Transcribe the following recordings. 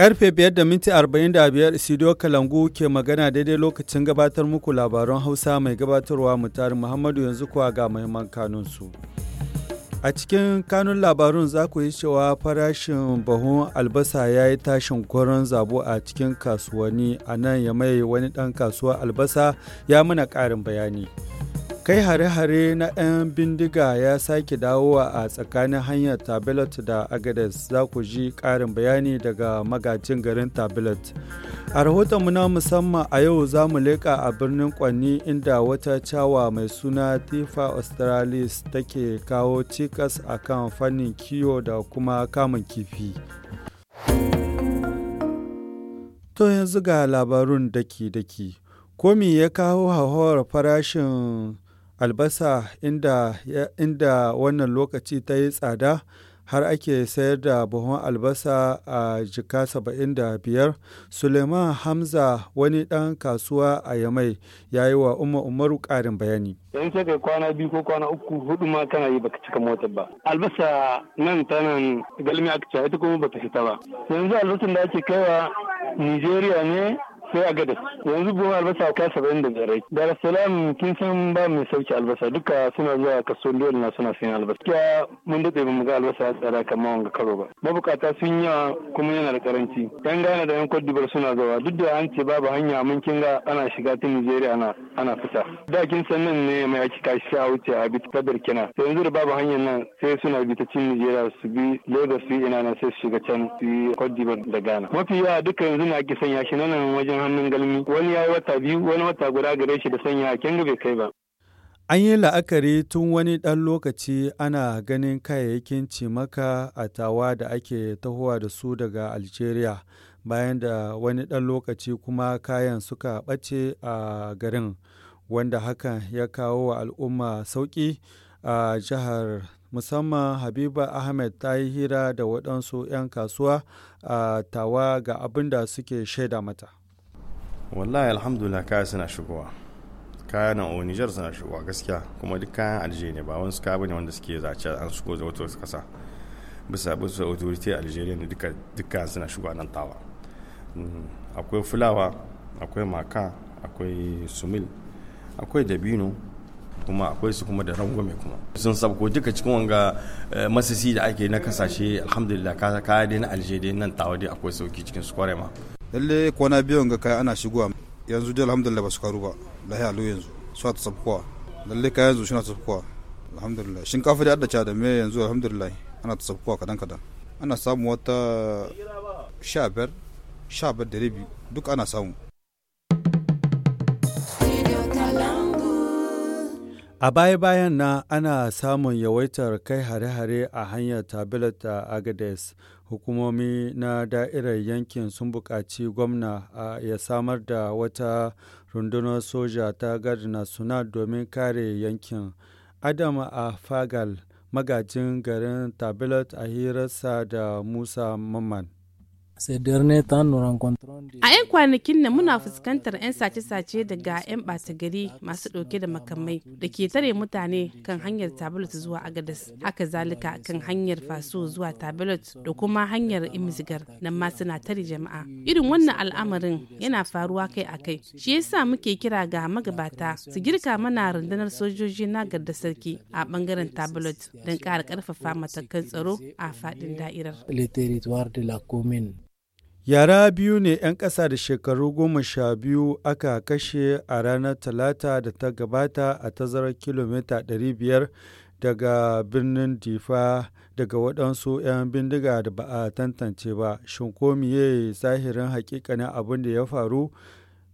Karfe 5 da minti 45 Sidiyo Kalangu ke magana daidai lokacin gabatar muku labaran Hausa mai gabatarwa mutari Muhammadu yanzu kuwa ga mahimman kanunsu. A cikin kanun labarun za ku yi cewa farashin bahun albasa ya yi tashin koron zabo a cikin kasuwanni a nan ya mai wani ɗan kasuwa albasa ya mana ƙarin bayani. kai hare-hare na 'yan bindiga ya sake dawowa a tsakanin hanyar tablet da agadas za ku ji ƙarin bayani daga magajin garin tablet a rahotonmu na musamman a yau za mu leƙa a birnin kwanni inda wata cawa mai suna tifa australis take kawo cikas a kan fannin kiwo da kuma kamun kifi to yanzu ga labarun daki-daki komi ya kawo hauhawar farashin albasa inda, inda wannan lokaci ta yi tsada har ake sayar da buhun albasa a jika 75 suleiman hamza wani ɗan kasuwa a yamai ya yi wa umar umaru ƙarin bayani yanzu sai kai kwana biyu ko kwana uku hudu ma kana yi baka cika motar ba albasa nan ta nan galmi aka ita kuma bata fita ba yanzu albasan da ake kaiwa nigeria ne sai a gada yanzu goma albasa ka saba'in da zarai dar salam kin san ba mai sauki albasa duka suna zuwa kaso liyar na suna sayan albasa kiya mun daɗe ba mu ga albasa ya tsada kamar wanga karo ba mabukata sun yi kuma yana da karanci yan gane da yan kwadibar suna zuwa duk da an ce babu hanya mun kin ga ana shiga ta nigeria na ana fita da kin san nan ne mai ake kashi a wuce a bi ta birkina to yanzu da babu hanyar nan sai suna bi ta cin nijeriya su bi lagos su ina na sai su shiga can su yi cote da ghana mafi yawa duka yanzu na ake sanya shi nan wajen hannun galmi wani ya yi wata biyu wani wata guda gare shi da sanya kin bai kai ba An yi la'akari tun wani ɗan lokaci ana ganin kayayyakin cimaka a tawa da ake tahowa da su daga Algeria bayan da wani ɗan lokaci kuma kayan suka ɓace a garin wanda hakan ya kawo wa al'umma sauƙi a jihar musamman habiba ahmed ta yi hira da waɗansu 'yan kasuwa a tawa ga abin da suke shaida mata wallahi alhamdulillah kaya suna shigowa kaya na onijar suna shigowa gaskiya kuma duk kayan alje ne ba wani suka bane wanda suke zace an shigo da wato kasa bisa bisa authority algeria ne duka suna shigowa nan tawa Mm. akwai fulawa akwai maka akwai sumil akwai dabino kuma akwai su kuma da rangwame kuma sun sabko duka cikin wanga eh, masisi da ake na kasashe alhamdulillah kaya dai na alje nan tawa dai akwai sauki cikin su kwarai ma lalle kwana biyu ga kaya ana shigowa yanzu dai alhamdulillah ba su karu ba lahi alo yanzu su ta sabkowa lalle kaya yanzu suna sabkowa alhamdulillah shinkafa da addace da me yanzu alhamdulillah ana ta sabkowa kadan kadan ana samun wata sha biyar da duk ana samu A baya-bayan na ana samun yawaitar kai hare-hare a hanyar Tabilat a Agades. Hukumomi na da'irar yankin sun buƙaci gwamna ya samar da wata rundunar soja ta Gard suna domin kare yankin. Adam a Fagal, magajin garin Tabilat a hirarsa da Musa Mamman. A 'yan kwanakin nan muna fuskantar 'yan sace-sace daga 'yan ɓata gari masu ɗauke da makamai da ke tare mutane kan hanyar tablet zuwa agadas haka zalika kan hanyar faso zuwa tablet da kuma hanyar imzigar na ma suna tare jama'a. Irin wannan al'amarin yana faruwa kai a kai. Shi yasa muke kira ga magabata su girka mana rundunar sojoji na garda sarki a bangaren tablet don ƙara ƙarfafa matakan tsaro a faɗin da'irar. Yara biyu ne 'yan ƙasa da shekaru goma sha biyu aka kashe a ranar Talata da ta gabata a tazarar kilomita 500 daga birnin Difa daga waɗansu 'yan bindiga da ba a tantance ba. Shin komiye zahirin hakikanin abin da ya faru?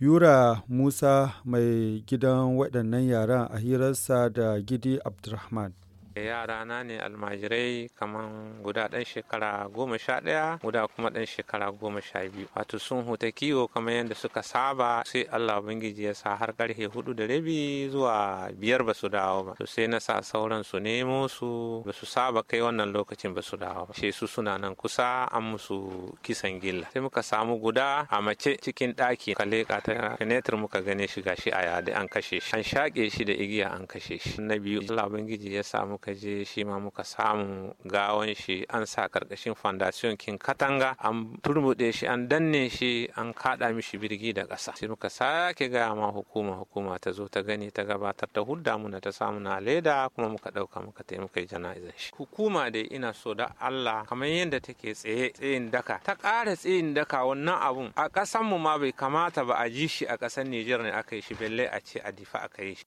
Yura Musa mai gidan waɗannan yaran a hirarsa da Gidi Abdulrahman. yarana ne almajirai kaman guda ɗan shekara goma sha ɗaya guda kuma ɗan shekara goma sha biyu wato sun huta kiwo kamar yadda suka saba sai allah ubangiji ya sa har karfe hudu da rabi zuwa biyar ba su dawo ba to sai na sa sauran su nemo su ba su saba kai wannan lokacin ba su dawo ba su suna nan kusa an musu kisan gilla sai muka samu guda a mace cikin ɗaki ka leƙa ta fenetir muka gane shi gashi a yadda an kashe shi an shaƙe shi da igiya an kashe shi na biyu allah ubangiji ya samu muka je shi ma muka samu gawan shi an sa karkashin foundation kin katanga an turmude shi an danne shi an kaɗa mishi birgi da ƙasa sai muka sake gaya ma hukuma hukuma ta zo ta gani ta gabatar ta hudda muna ta samu na leda kuma muka ɗauka muka taimaka jana'izar shi hukuma dai ina so da Allah kamar yadda take tsaye tsayin daka ta ƙara tsayin daka wannan abun a mu ma bai kamata ba a ji shi a ƙasar Nijar ne aka yi shi belle a ce a difa aka yi shi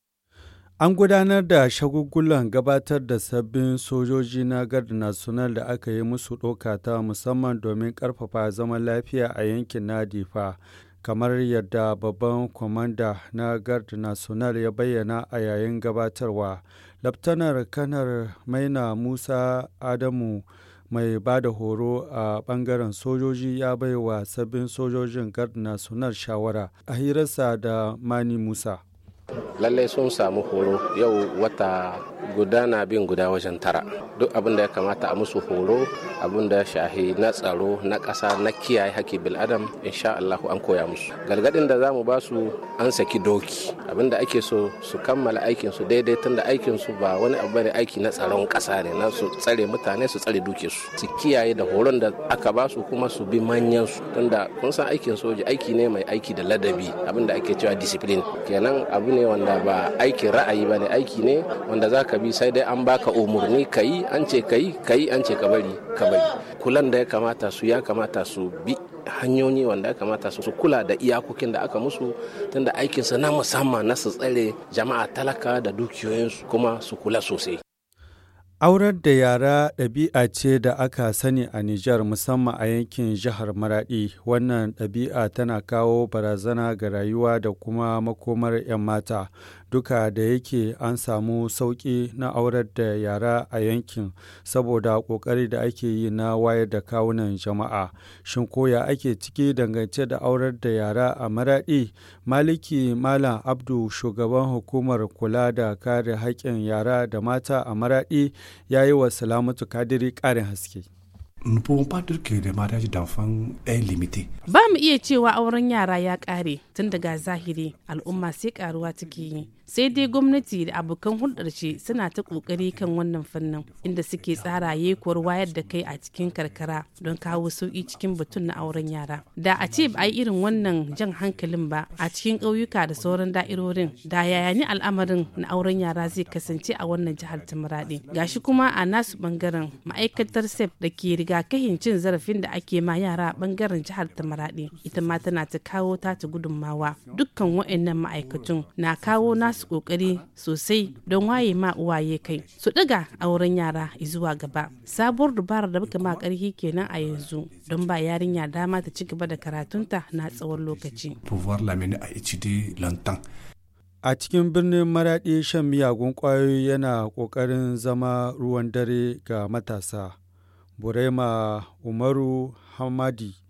An gudanar da shagugulan gabatar da sabbin sojoji na Gard National da aka yi musu ɗoka ta musamman domin ƙarfafa zaman lafiya a yankin Nadifa, kamar yadda babban kwamanda na Gard National ya bayyana a yayin gabatarwa. Laftanar Kanar Maina Musa Adamu mai ba da horo a bangaren sojoji ya baiwa sabbin sojojin Gard National shawara a hirarsa da Mani Musa. lallai sun samu horo yau wata guda na bin guda wajen tara duk abin da ya kamata a musu horo abin da shahi na tsaro na ƙasa na kiyaye bil adam insha Allahu an koya musu gargaɗin da zamu ba su an saki doki abin da ake so su kammala aikin su daidai tun da aikin su ba wani abu bane aiki na tsaron ƙasa ne na su tsare mutane su tsare duke su su kiyaye da horon da aka ba su kuma su bi manyan su tunda kun san aikin soja aiki ne mai aiki da ladabi abin da ake cewa discipline kenan abu ne wanda ba aikin ra'ayi ba ne aiki ne wanda za ka bi sai dai an baka umarni ka yi an ce ka yi ka yi an ce ka bari ka bari kulan da ya kamata su ya kamata su bi hanyoyi wanda ya kamata su kula da iyakokin da aka musu tunda aikinsa na musamman na su tsare jama'a talaka da dukiyoyinsu kuma su kula sosai Aurar da yara ɗabi'a ce da aka sani a Nijar musamman a yankin jihar Maraɗi. Wannan ɗabi'a tana kawo barazana ga rayuwa da kuma makomar 'yan mata. duka da yake an samu sauƙi na aurar da yara a yankin saboda ƙoƙari da ake yi na wayar da kawunan jama'a shin koya ake ciki dangance da aurar da yara a maraɗi maliki malam abdu shugaban hukumar kula da kare haƙƙin yara da mata a maraɗi ya yi wa salamatu kadiri ƙarin haske Ba mu iya cewa auren yara ya ƙare tun daga zahiri al'umma sai ƙaruwa take yi. sai dai gwamnati da abokan hulɗar shi suna ta ƙoƙari kan wannan fannin inda suke tsara yekuwar wayar da kai a cikin karkara don kawo sauƙi cikin batun na auren yara da a ce ba a yi irin wannan jan hankalin ba a cikin ƙauyuka da sauran da'irorin da yaya ni al'amarin na auren yara zai kasance a wannan jihar ta gashi kuma a nasu ɓangaren ma'aikatar sef da ke rigakafin cin zarafin da ake ma yara a ɓangaren jihar ta ita ma tana ta kawo ta ta gudunmawa dukkan wa'annan ma'aikatun na kawo nasu su kokari sosai don waye ma uwaye kai su ɗiga auren yara zuwa gaba sabuwar dubara da muka ma ƙarfi kenan a yanzu don ba yarinya dama ta ci gaba da karatunta na tsawon lokaci a cikin birnin maraɗi shan miyagun ƙwayoyi yana ƙoƙarin zama ruwan dare ga matasa burema umaru hamadi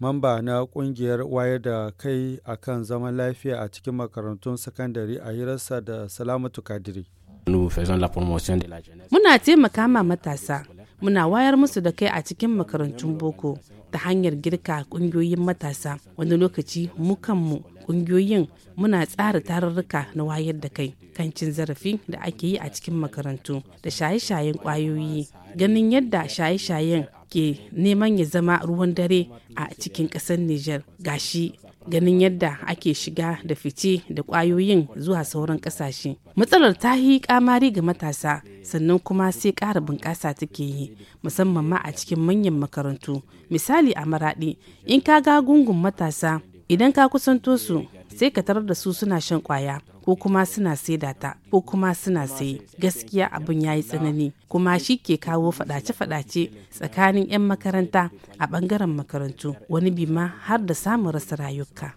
mamba na kungiyar wayar da kai akan zaman lafiya a cikin makarantun sakandare a hirarsa da Salamatu Kadiri. Muna taimaka ma matasa, muna wayar musu da kai a cikin makarantun boko ta hanyar girka ƙungiyoyin matasa wani lokaci mukanmu kungiyoyin ƙungiyoyin muna tsara tararruka na wayar da kai kan zarafi da ake yi a cikin makarantu da shaye-shayen ƙwayoyi ganin yadda shaye-shayen ke neman ya zama ruwan dare a cikin ƙasar Nijar gashi ganin yadda ake shiga da fice da kwayoyin zuwa sauran kasashe matsalar ta yi kamari ga matasa sannan kuma sai ƙara bunƙasa take yi musamman ma a cikin manyan makarantu misali a maraɗi in ka ga gungun matasa idan ka kusanto su sai ka tarar da su suna shan kwaya ko kuma suna saida ta ko kuma suna saye gaskiya abin ya yi tsanani kuma shi ke kawo fadace-fadace tsakanin 'yan makaranta a bangaren makarantu wani bima har da samun rasa rayuka.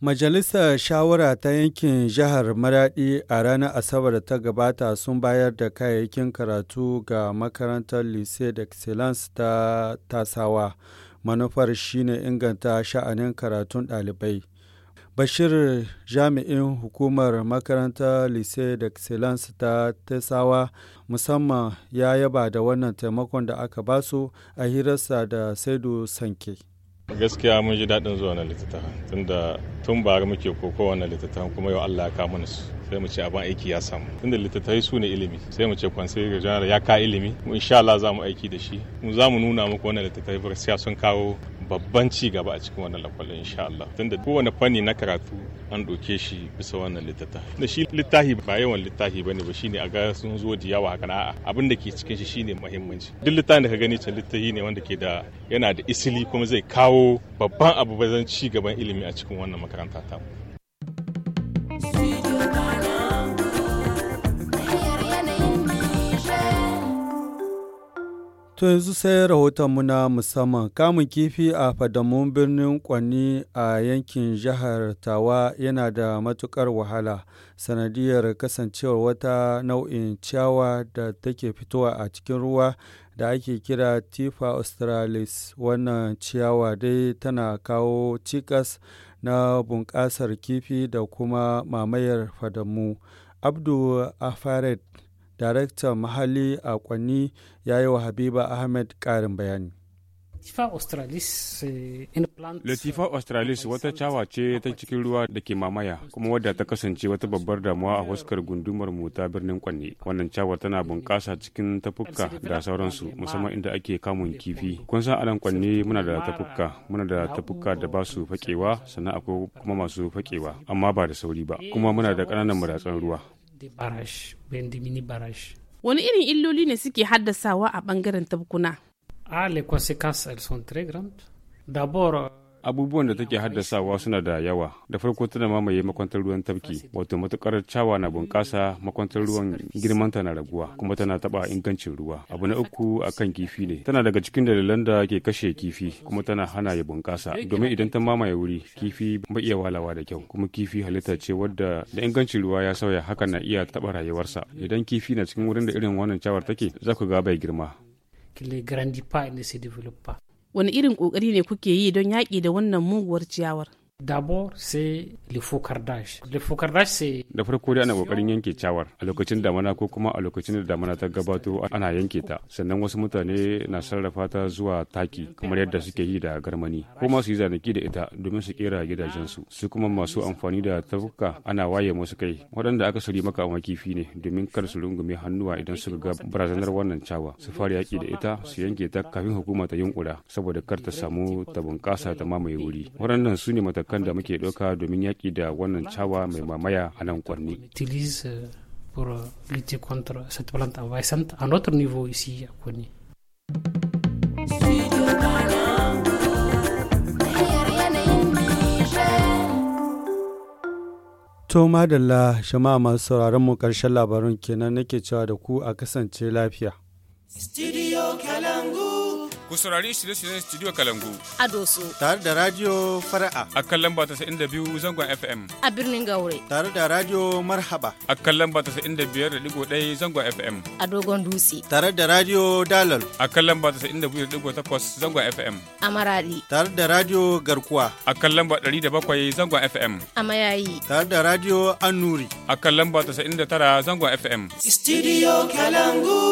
Majalisar Shawara ta yankin Jihar Maradi a ranar Asabar ta gabata sun bayar da kayayyakin karatu ga makarantar Lycée d'Excellence ta Tasawa. Manufar shine inganta sha'anin karatun ɗalibai. Bashir jami'in hukumar makarantar Lycée d'Excellence ta Tasawa musamman ya yaba da wannan taimakon da aka basu a hirarsa da Saidu Sanke. gaskiya mun ji daɗin zuwa na littattafan tunda tun bara muke ko kowane littattafan kuma yau Allah ya kawo mana su sai mu ce abin aiki ya samu tunda littattafai su ne ilimi sai mu ce kwansai regional ya ka ilimi mu insha Allah za mu aiki da shi mu za mu nuna muku wannan littattafai sai sun kawo babban ci gaba a cikin wannan lakwalin insha Allah tunda kowane fanni na karatu an ɗauke shi bisa wannan littattafai. da shi littafi ba yawan littafi bane ba shine a ga sun zo da yawa haka a'a abin da ke cikin shi shine muhimmanci duk littafin da ka gani can littafi ne wanda ke da yana da isili kuma zai kawo babban abu bazan ci gaban ilimi a cikin wannan makaranta ta To yanzu sai rahotonmu na musamman kamun kifi a fadamun birnin Kwanni a yankin jihar Tawa yana da matukar wahala sanadiyar kasancewar wata nau'in ciyawa da take fitowa a cikin ruwa da ake kira Tifa Australis wannan ciyawa dai tana kawo cikas na bunƙasar kifi da kuma mamayar fadamu. Abdu Afared daraktan mahalli a kwanni ya yi wa habiba ahmed karin bayani Latifa eh, eh, australis wata cawa ce ta cikin ruwa da ke mamaya kuma wadda ta kasance wata babbar damuwa a huskar gundumar mu ta birnin Kwanne. Wannan cawa tana bunƙasa cikin tafukka da sauransu musamman inda ake kamun kifi. Kun san anan Kwanne muna da tafukka, muna da tafukka da ba su fakewa sannan akwai kuma masu fakewa amma ba da sauri ba. Kuma muna da ƙananan maratsan ruwa. da barash bayan da mini barash wani irin illoli ne suke haddasawa a bangaren tabkuna Ah, les conséquences elles sont très grandes d'abord abubuwan da take haddasawa suna da yawa da farko tana mamaye makwantar ruwan tafki wato matukar cawa na bunƙasa makwantar ruwan ta na raguwa kuma tana taba ingancin ruwa abu na uku akan kifi ne tana daga cikin dalilan da ke kashe kifi kuma tana hana ya bunƙasa domin idan ta mamaye wuri kifi ba iya walawa da kyau kuma kifi halitta ce wadda da ingancin ruwa ya sauya haka na iya taba rayuwarsa idan kifi na cikin wurin da irin wannan cawar take za ku ga bai girma. se développe wani irin kokari ne kuke yi don yaƙi da wannan muguwar ciyawar D'abord, c'est le focardage. Le focardage, c'est... Da farko dai ana kokarin yanke cawar a lokacin damana ko kuma a lokacin da damana ta gabato ana yanke ta. Sannan wasu mutane na sarrafa ta zuwa taki kamar yadda suke yi da garmani ko ma su yi zanaki da ita domin su kera gidajen Su kuma masu amfani da tafuka ana waye musu kai waɗanda aka suri maka a kifi ne domin kar su rungume hannuwa idan suka ga barazanar wannan cawa. Su fara yaki da ita su yanke ta kafin hukuma ta yunkura saboda kar ta samu ta bunƙasa ta mamaye wuri. Waɗannan su ne mata matakan da muke ɗauka domin yaƙi da wannan cawa mai mamaya a nan kwanni. Euh, pour euh, lutter contre cette To madalla shama masu sauraron mu ƙarshen labarin kenan nake cewa da ku a kasance lafiya. Studio Kalangu. Ku saurari shirye-shiryen Studio Kalangu. A Doso. Tare da Radio Fara'a. A kan lamba biyu zangon FM. A birnin Gaure. Tare da Radio Marhaba. A kan lamba biyar da 95.1 zangon FM. A Dogon Dutse. Tare da Radio Dalal. A kan lamba takwas zangon FM. A Maradi. Tare da Radio Garkuwa. A kan lamba bakwai zangon FM. A Mayayi. Tare da Radio Annuri. A kan lamba tara zangon FM. Studio Kalangu.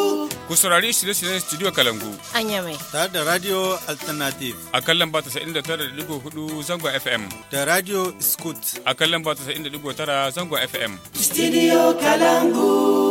Ku saurari shirye-shiryen Studio Kalangu. An yame. Tare tare da Radio Alternative. A kan lamba hudu zangon FM. Da Radio Scoot. A kan lamba tara zangon FM. Studio Kalangu.